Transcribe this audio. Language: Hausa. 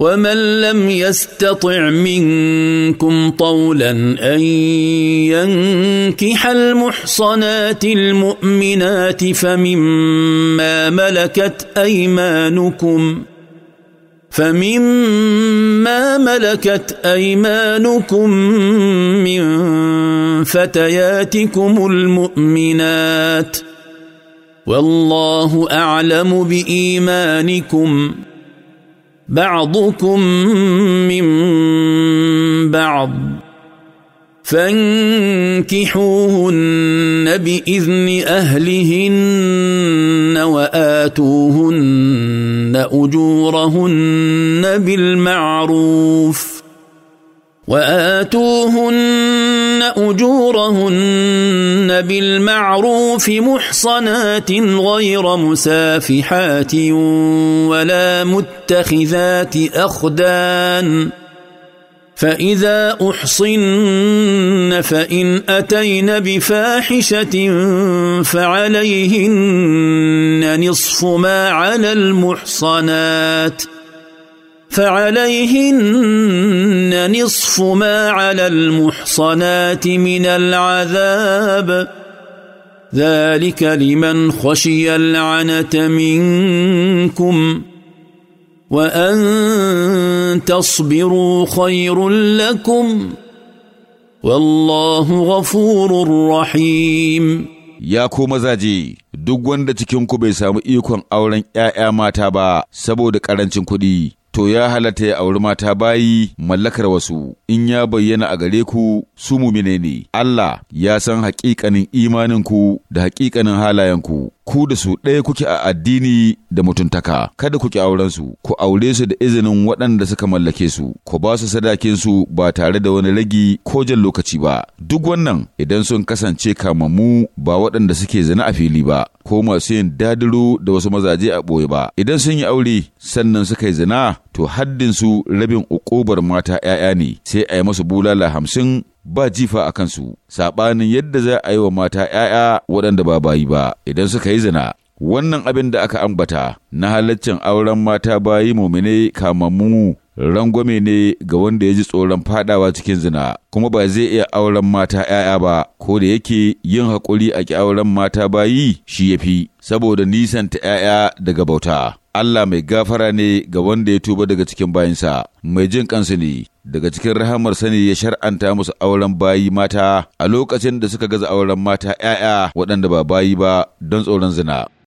ومن لم يستطع منكم طولا ان ينكح المحصنات المؤمنات فمما ملكت ايمانكم فمما ملكت ايمانكم من فتياتكم المؤمنات والله اعلم بايمانكم بعضكم من بعض فانكحوهن باذن اهلهن واتوهن اجورهن بالمعروف واتوهن اجورهن بالمعروف محصنات غير مسافحات ولا متخذات اخدان فاذا احصن فان اتين بفاحشه فعليهن نصف ما على المحصنات فعليهن نصف ما على المحصنات من العذاب ذلك لمن خشي العنت منكم وان تصبروا خير لكم والله غفور رحيم يا كومزاجي mazaje duk wanda cikinku bai samu ikon auren ‘ya'ya mata ba saboda ƙarancin kuɗi. to ya halatta ya auri mata bayi mallakar wasu in ya bayyana a gare ku su mumine ne Allah ya san haƙiƙanin imaninku da haƙiƙanin halayenku ku da su ɗaya kuke a addini da mutuntaka kada ku ki auren su ku aure su da izinin waɗanda suka mallake su ku ba su sadakin su ba tare da wani ragi ko jan lokaci ba duk wannan idan sun kasance kamammu ba waɗanda suke zina a fili ba ko masu yin dadiro da wasu mazaje a ɓoye ba idan sun yi aure sannan suka yi zina to su rabin ukubar mata ‘ya'ya ne sai a yi masu bulala hamsin ba jifa a kansu saɓanin yadda za a yi wa mata ‘ya'ya waɗanda ba bayi ba idan suka yi zina wannan abin da aka ambata na halaccin auren mata bayi mumine kamammu rangwame ne ga wanda ya ji tsoron fadawa cikin zina kuma ba zai iya auren mata ‘ya'ya ba ko da yake yin haƙuri a ƙi auren mata bayi shi ya fi saboda nisanta ‘ya'ya daga bauta Allah mai gafara ne ga wanda ya tuba daga cikin bayansa mai jin kansu ne daga cikin rahamar sani ya shar'anta musu auren bayi mata a lokacin da suka gaza auren mata ‘ya'ya waɗanda ba bayi ba don tsoron zina.